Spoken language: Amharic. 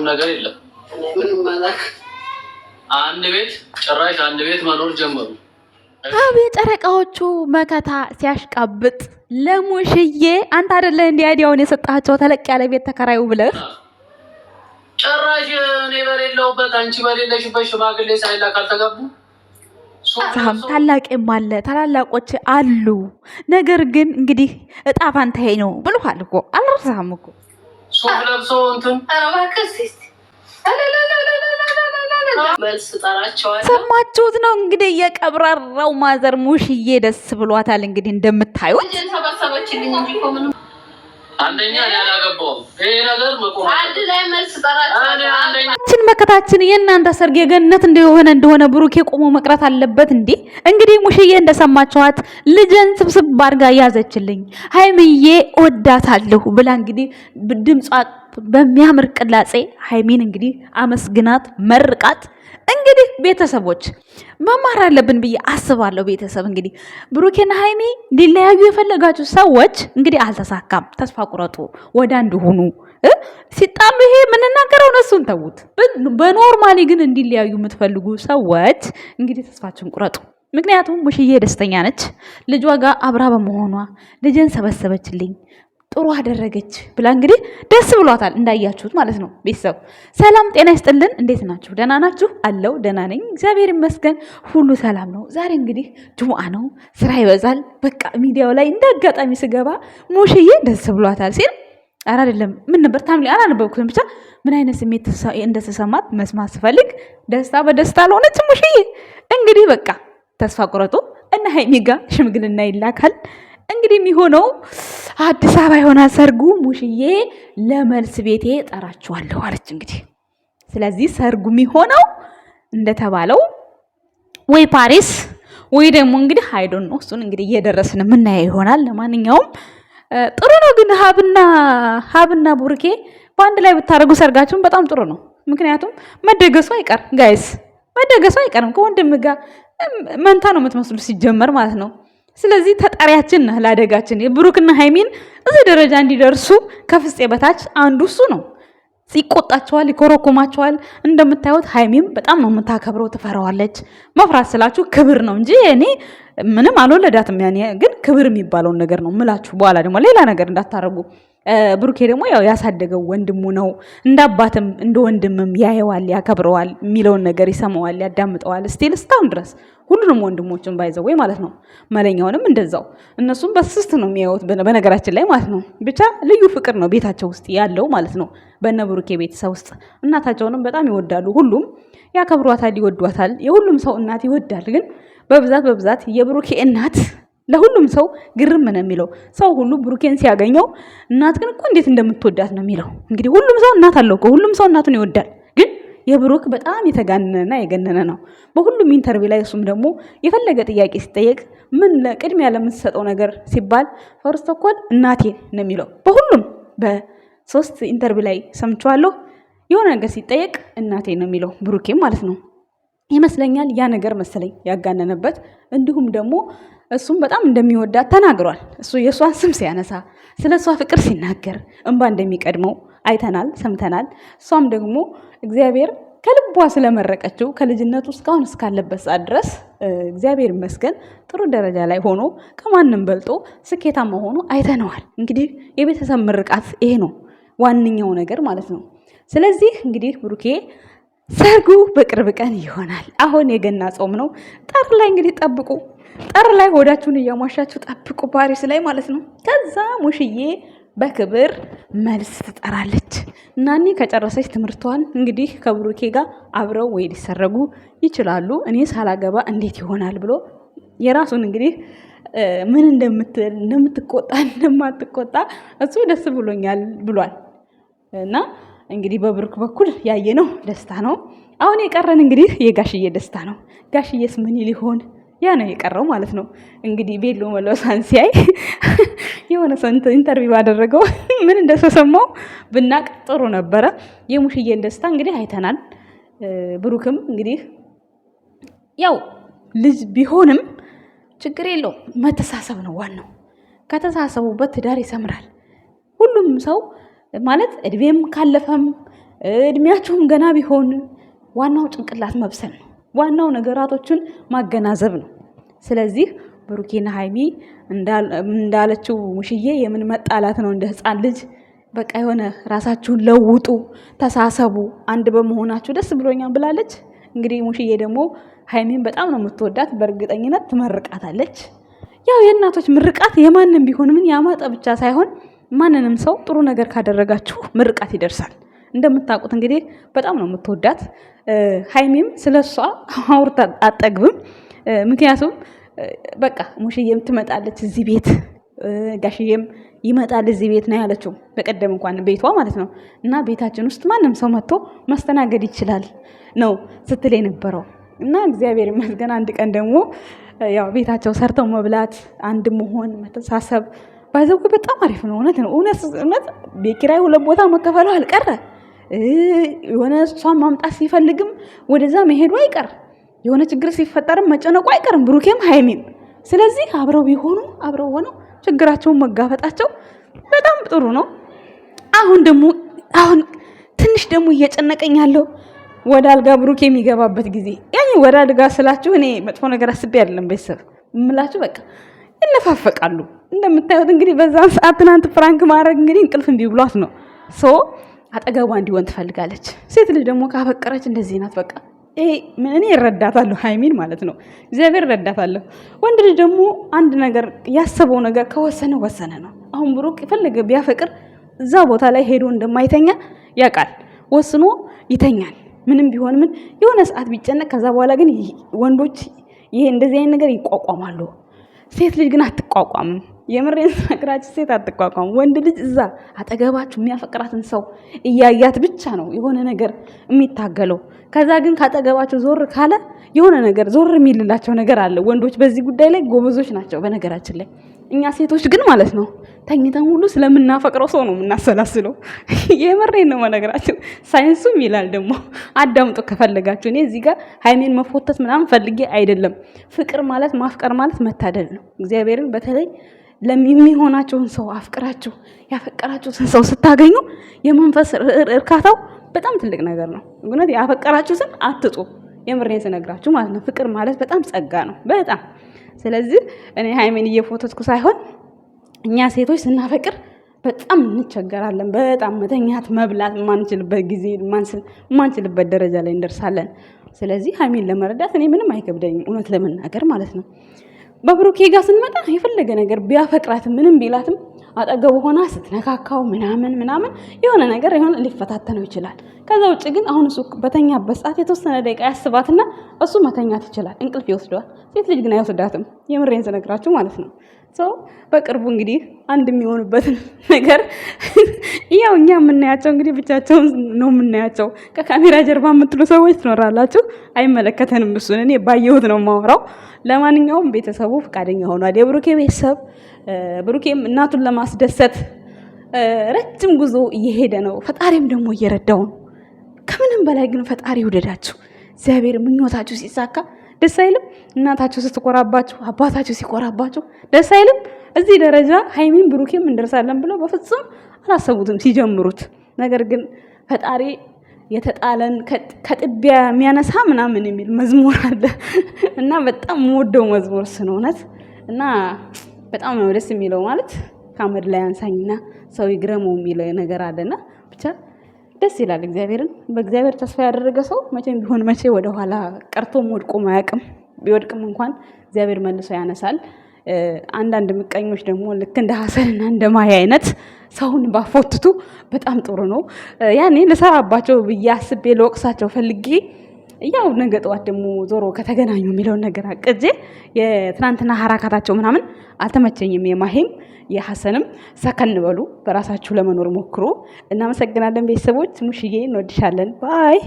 ያወቅሽው ነገር የለም? አንድ ቤት ጭራሽ አንድ ቤት መኖር ጀመሩ። አብ የጨረቃዎቹ መከታ ሲያሽቃብጥ ለሙሽዬ አንተ አደለ እንዲ አይዲያውን የሰጣቸው ተለቅ ያለ ቤት ተከራዩ ብለህ ጭራሽ እኔ በሌለውበት አንቺ በሌለሽበት ሽማግሌ ሳይላክ አልተገቡ በጣም ታላቅም አለ ታላላቆች አሉ። ነገር ግን እንግዲህ እጣ ፋንታዬ ነው ብሎሃል እኮ አልረሳም እኮ ሱፍ ለብሶ እንትን ሰማችሁት ነው እንግዲህ የቀብራራው ማዘር ሙሽዬ ደስ ብሏታል። እንግዲህ እንደምታዩት አንደኛ ያላገባውችን መከታችን የእናንተ ሰርግ የገነት እንደሆነ እንደሆነ ብሩኬ ቆሞ መቅረት አለበት እንዴ? እንግዲህ ሙሽዬ እንደሰማችኋት ልጅን ስብስብ አድርጋ ያዘችልኝ ሀይምዬ ወዳታለሁ ብላ እንግዲህ ድምጿ በሚያምር ቅላጼ ሀይሚን እንግዲህ አመስግናት መርቃት እንግዲህ ቤተሰቦች መማር አለብን ብዬ አስባለሁ። ቤተሰብ እንግዲህ ብሩኬና ሀይሚ ሊለያዩ የፈለጋችሁ ሰዎች እንግዲህ አልተሳካም፣ ተስፋ ቁረጡ፣ ወደ አንድ ሁኑ። ሲጣሉ ይሄ የምንናገረው እሱን ተዉት። በኖርማሊ ግን እንዲለያዩ የምትፈልጉ ሰዎች እንግዲህ ተስፋችን ቁረጡ። ምክንያቱም ሙሽዬ ደስተኛ ነች ልጇ ጋር አብራ በመሆኗ ልጅን ሰበሰበችልኝ ጥሩ አደረገች ብላ እንግዲህ ደስ ብሏታል፣ እንዳያችሁት ማለት ነው። ቤተሰብ ሰላም ጤና ይስጥልን። እንዴት ናችሁ? ደህና ናችሁ? አለው ደህና ነኝ፣ እግዚአብሔር ይመስገን፣ ሁሉ ሰላም ነው። ዛሬ እንግዲህ ጅሙዓ ነው፣ ስራ ይበዛል። በቃ ሚዲያው ላይ እንደ አጋጣሚ ስገባ ሙሽዬ ደስ ብሏታል ሲል ኧረ አይደለም ምን ነበር ታምሊ አላነበብኩትም። ብቻ ምን አይነት ስሜት እንደተሰማት መስማት ስፈልግ ደስታ በደስታ አልሆነችም ሙሽዬ። እንግዲህ በቃ ተስፋ ቁረጡ እና ሀይሚ ጋ ሽምግልና ይላካል። እንግዲህ የሚሆነው አዲስ አበባ ይሆናል ሰርጉ። ሙሽዬ ለመልስ ቤቴ ጠራችኋለሁ አለች። እንግዲህ ስለዚህ ሰርጉ የሚሆነው እንደተባለው ወይ ፓሪስ ወይ ደግሞ እንግዲህ አይዶን ነው። እሱን እንግዲህ እየደረስን የምናየው ይሆናል። ለማንኛውም ጥሩ ነው ግን ሀብና ሀብና ቡርኬ በአንድ ላይ ብታደርጉ ሰርጋችሁን በጣም ጥሩ ነው። ምክንያቱም መደገሱ አይቀር ጋይስ፣ መደገሱ አይቀርም። ከወንድም ጋር መንታ ነው የምትመስሉ ሲጀመር ማለት ነው። ስለዚህ ተጠሪያችን ነህ ለአደጋችን። የብሩክና ሃይሚን እዚህ ደረጃ እንዲደርሱ ከፍፄ በታች አንዱ እሱ ነው። ይቆጣቸዋል፣ ይኮረኮማቸዋል እንደምታዩት ሃይሚም በጣም ነው የምታከብረው፣ ትፈራዋለች። መፍራት ስላችሁ ክብር ነው እንጂ እኔ ምንም አልወለዳትም። ያኔ ግን ክብር የሚባለውን ነገር ነው ምላችሁ። በኋላ ደግሞ ሌላ ነገር እንዳታረጉ። ብሩኬ ደግሞ ያው ያሳደገው ወንድሙ ነው። እንደ አባትም እንደ ወንድምም ያየዋል፣ ያከብረዋል፣ የሚለውን ነገር ይሰማዋል፣ ያዳምጠዋል። ስቲል እስካሁን ድረስ ሁሉንም ወንድሞችን ባይዘው ወይ ማለት ነው። መለኛውንም እንደዛው እነሱም በስስት ነው የሚያዩት በነገራችን ላይ ማለት ነው። ብቻ ልዩ ፍቅር ነው ቤታቸው ውስጥ ያለው ማለት ነው። በነ ብሩኬ ቤተሰብ ውስጥ እናታቸውንም በጣም ይወዳሉ። ሁሉም ያከብሯታል፣ ይወዷታል። የሁሉም ሰው እናት ይወዳል። ግን በብዛት በብዛት የብሩኬ እናት ለሁሉም ሰው ግርም ነው የሚለው። ሰው ሁሉ ብሩኬን ሲያገኘው እናት ግን እኮ እንዴት እንደምትወዳት ነው የሚለው። እንግዲህ ሁሉም ሰው እናት አለው እኮ ሁሉም ሰው እናቱን ይወዳል። ግን የብሩክ በጣም የተጋነነና የገነነ ነው በሁሉም ኢንተርቪው ላይ። እሱም ደግሞ የፈለገ ጥያቄ ሲጠየቅ ምን ቅድሚያ ለምትሰጠው ነገር ሲባል ፈርስት ኮል እናቴ ነው የሚለው በሁሉም በሶስት ኢንተርቪው ላይ ሰምቼዋለሁ። የሆነ ነገር ሲጠየቅ እናቴ ነው የሚለው ብሩኬ ማለት ነው ይመስለኛል። ያ ነገር መሰለኝ ያጋነነበት እንዲሁም ደግሞ እሱም በጣም እንደሚወዳት ተናግሯል። እሱ የእሷን ስም ሲያነሳ ስለ እሷ ፍቅር ሲናገር እንባ እንደሚቀድመው አይተናል፣ ሰምተናል። እሷም ደግሞ እግዚአብሔር ከልቧ ስለመረቀችው ከልጅነቱ እስካሁን እስካለበት ሰዓት ድረስ እግዚአብሔር ይመስገን ጥሩ ደረጃ ላይ ሆኖ ከማንም በልጦ ስኬታማ ሆኖ አይተነዋል። እንግዲህ የቤተሰብ ምርቃት ይሄ ነው ዋነኛው ነገር ማለት ነው። ስለዚህ እንግዲህ ብሩኬ ሰርጉ በቅርብ ቀን ይሆናል። አሁን የገና ጾም ነው። ጠር ላይ እንግዲህ ጠብቁ። ጠር ላይ ሆዳችሁን እያሟሻችሁ ጠብቁ፣ ፓሪስ ላይ ማለት ነው። ከዛ ሙሽዬ በክብር መልስ ትጠራለች። ናኒ ከጨረሰች ትምህርቷን እንግዲህ ከብሩኬ ጋር አብረው ወይ ሊሰረጉ ይችላሉ። እኔ ሳላገባ እንዴት ይሆናል ብሎ የራሱን እንግዲህ ምን እንደምትቆጣ እንደማትቆጣ እሱ ደስ ብሎኛል ብሏል እና እንግዲህ በብሩክ በኩል ያየነው ደስታ ነው። አሁን የቀረን እንግዲህ የጋሽዬ ደስታ ነው። ጋሽዬስ ምን ሊሆን ያ ነው የቀረው ማለት ነው። እንግዲህ ቤሎ መለሳን ሲያይ የሆነ ሰው ኢንተርቪው ባደረገው ምን እንደተሰማው ብናቅ ጥሩ ነበረ። የሙሽዬን ደስታ እንግዲህ አይተናል። ብሩክም እንግዲህ ያው ልጅ ቢሆንም ችግር የለውም። መተሳሰብ ነው ዋናው። ከተሳሰቡበት ትዳር ይሰምራል። ሁሉም ሰው ማለት እድሜም ካለፈም እድሜያቸውም ገና ቢሆን ዋናው ጭንቅላት መብሰል ነው። ዋናው ነገራቶችን ማገናዘብ ነው። ስለዚህ ብሩኬና ሀይሚ እንዳለችው ሙሽዬ የምን መጣላት ነው? እንደ ህፃን ልጅ በቃ የሆነ ራሳችሁን ለውጡ፣ ተሳሰቡ፣ አንድ በመሆናችሁ ደስ ብሎኛል ብላለች። እንግዲህ ሙሽዬ ደግሞ ሀይሚን በጣም ነው የምትወዳት፣ በእርግጠኝነት ትመርቃታለች። ያው የእናቶች ምርቃት የማንም ቢሆን ምን ያማጠ ብቻ ሳይሆን ማንንም ሰው ጥሩ ነገር ካደረጋችሁ ምርቃት ይደርሳል። እንደምታውቁት እንግዲህ በጣም ነው የምትወዳት። ሀይሚም ስለ እሷ አውርታ አጠግብም። ምክንያቱም በቃ ሙሽዬም ትመጣለች እዚህ ቤት ጋሽዬም ይመጣል እዚህ ቤት ነው ያለችው። በቀደም እንኳን ቤቷ ማለት ነው እና ቤታችን ውስጥ ማንም ሰው መጥቶ ማስተናገድ ይችላል ነው ስትል የነበረው እና እግዚአብሔር ይመስገን አንድ ቀን ደግሞ ያው ቤታቸው ሰርተው መብላት፣ አንድ መሆን፣ መተሳሰብ ባይዘው በጣም አሪፍ ነው። እውነት ነው እውነት እውነት የኪራይ ሁለት ቦታ መከፈለው አልቀረ የሆነ እሷን ማምጣት ሲፈልግም ወደዛ መሄዱ አይቀር የሆነ ችግር ሲፈጠርም መጨነቁ አይቀርም ብሩኬም ሀይሚም። ስለዚህ አብረው ቢሆኑ አብረው ሆነው ችግራቸውን መጋፈጣቸው በጣም ጥሩ ነው። አሁን ደግሞ አሁን ትንሽ ደግሞ እየጨነቀኝ ያለው ወደ አልጋ ብሩኬ የሚገባበት ጊዜ ያኔ ወደ አልጋ ስላችሁ እኔ መጥፎ ነገር አስቤ አይደለም ቤተሰብ ምላችሁ በቃ ይነፋፈቃሉ። እንደምታዩት እንግዲህ በዛን ሰዓት ትናንት ፍራንክ ማድረግ እንግዲህ እንቅልፍ እምቢ ብሏት ነው ሶ አጠገቧ እንዲሆን ትፈልጋለች። ሴት ልጅ ደግሞ ካፈቀረች እንደዚህ ናት በቃ እኔ እረዳታለሁ፣ ሀይሚን ማለት ነው። እግዚአብሔር እረዳታለሁ። ወንድ ልጅ ደግሞ አንድ ነገር ያሰበው ነገር ከወሰነ ወሰነ ነው። አሁን ብሩክ የፈለገ ቢያፈቅር እዛ ቦታ ላይ ሄዶ እንደማይተኛ ያውቃል። ወስኖ ይተኛል። ምንም ቢሆን ምን የሆነ ሰዓት ቢጨነቅ፣ ከዛ በኋላ ግን ወንዶች ይሄ እንደዚህ አይነት ነገር ይቋቋማሉ። ሴት ልጅ ግን አትቋቋምም። የምሬን ስነግራችሁ ሴት አትቋቋም። ወንድ ልጅ እዛ አጠገባችሁ የሚያፈቅራትን ሰው እያያት ብቻ ነው የሆነ ነገር የሚታገለው። ከዛ ግን ካጠገባቸው ዞር ካለ የሆነ ነገር ዞር የሚልላቸው ነገር አለ። ወንዶች በዚህ ጉዳይ ላይ ጎበዞች ናቸው በነገራችን ላይ እኛ ሴቶች ግን ማለት ነው ተኝተን ሁሉ ስለምናፈቅረው ሰው ነው የምናሰላስለው። የምሬን ነው መነግራቸው። ሳይንሱም ይላል ደግሞ አዳምጦ ከፈለጋችሁ። እኔ እዚህ ጋር ሀይሜን መፎተት ምናምን ፈልጌ አይደለም። ፍቅር ማለት ማፍቀር ማለት መታደል ነው። እግዚአብሔርን በተለይ ለሚሆናቸውን ሰው አፍቅራችሁ ያፈቀራችሁትን ሰው ስታገኙ የመንፈስ እርካታው በጣም ትልቅ ነገር ነው። እውነት ያፈቀራችሁትን አትጡ። የምሬን ስነግራችሁ ማለት ነው። ፍቅር ማለት በጣም ጸጋ ነው። በጣም ስለዚህ እኔ ሀይሜን እየፎቶትኩ ሳይሆን እኛ ሴቶች ስናፈቅር በጣም እንቸገራለን። በጣም መተኛት፣ መብላት የማንችልበት ጊዜ የማንችልበት ደረጃ ላይ እንደርሳለን። ስለዚህ ሀይሜን ለመረዳት እኔ ምንም አይከብደኝም፣ እውነት ለመናገር ማለት ነው። በብሩኬ ጋር ስንመጣ የፈለገ ነገር ቢያፈቅራትም ምንም ቢላትም አጠገቡ ሆና ስትነካካው ምናምን ምናምን የሆነ ነገር ሆን ሊፈታተነው ይችላል። ከዛ ውጭ ግን አሁን እሱ በተኛበት ሰዓት የተወሰነ ደቂቃ ያስባትና እሱ መተኛት ይችላል። እንቅልፍ ይወስደዋል። ሴት ልጅ ግን አይወስዳትም። የምሬን ስነግራችሁ ማለት ነው። በቅርቡ እንግዲህ አንድ የሚሆኑበትን ነገር ያው እኛ የምናያቸው እንግዲህ ብቻቸውን ነው የምናያቸው። ከካሜራ ጀርባ የምትሉ ሰዎች ትኖራላችሁ፣ አይመለከተንም። እሱን እኔ ባየሁት ነው የማወራው። ለማንኛውም ቤተሰቡ ፈቃደኛ ሆኗል። የብሩኬ ቤተሰብ ብሩኬም እናቱን ለማስደሰት ረጅም ጉዞ እየሄደ ነው። ፈጣሪም ደግሞ እየረዳው ነው። ከምንም በላይ ግን ፈጣሪ ውደዳችሁ እግዚአብሔር ምኞታችሁ ሲሳካ ደስ አይልም? እናታቸው ስትቆራባቸው፣ አባታቸው ሲቆራባቸው ደስ አይልም? እዚህ ደረጃ ሀይሚን ብሩኬም እንደርሳለን ብለው በፍጹም አላሰቡትም ሲጀምሩት። ነገር ግን ፈጣሪ የተጣለን ከጥቢያ የሚያነሳ ምናምን የሚል መዝሙር አለ እና በጣም የምወደው መዝሙር ስንሆነት እና በጣም ነው ደስ የሚለው ማለት ከአመድ ላይ አንሳኝና ሰው ይግረመው የሚል ነገር አለና ብቻ ደስ ይላል። እግዚአብሔርን በእግዚአብሔር ተስፋ ያደረገ ሰው መቼም ቢሆን መቼ ወደኋላ ቀርቶም ወድቆም አያውቅም። ቢወድቅም እንኳን እግዚአብሔር መልሶ ያነሳል። አንዳንድ ምቀኞች ደግሞ ልክ እንደ ሀሰንና እንደ ማይ አይነት ሰውን ባፎትቱ በጣም ጥሩ ነው። ያኔ ልሰራባቸው ብዬ አስቤ ለወቅሳቸው ፈልጌ ያው ነገ ጠዋት ደግሞ ዞሮ ከተገናኙ የሚለውን ነገር አቅጄ የትናንትና ሀራካታቸው ምናምን አልተመቸኝም። የማሄም የሐሰንም ሰከን በሉ፣ በራሳችሁ ለመኖር ሞክሩ። እናመሰግናለን ቤተሰቦች። ሙሽዬ እንወድሻለን። ባይ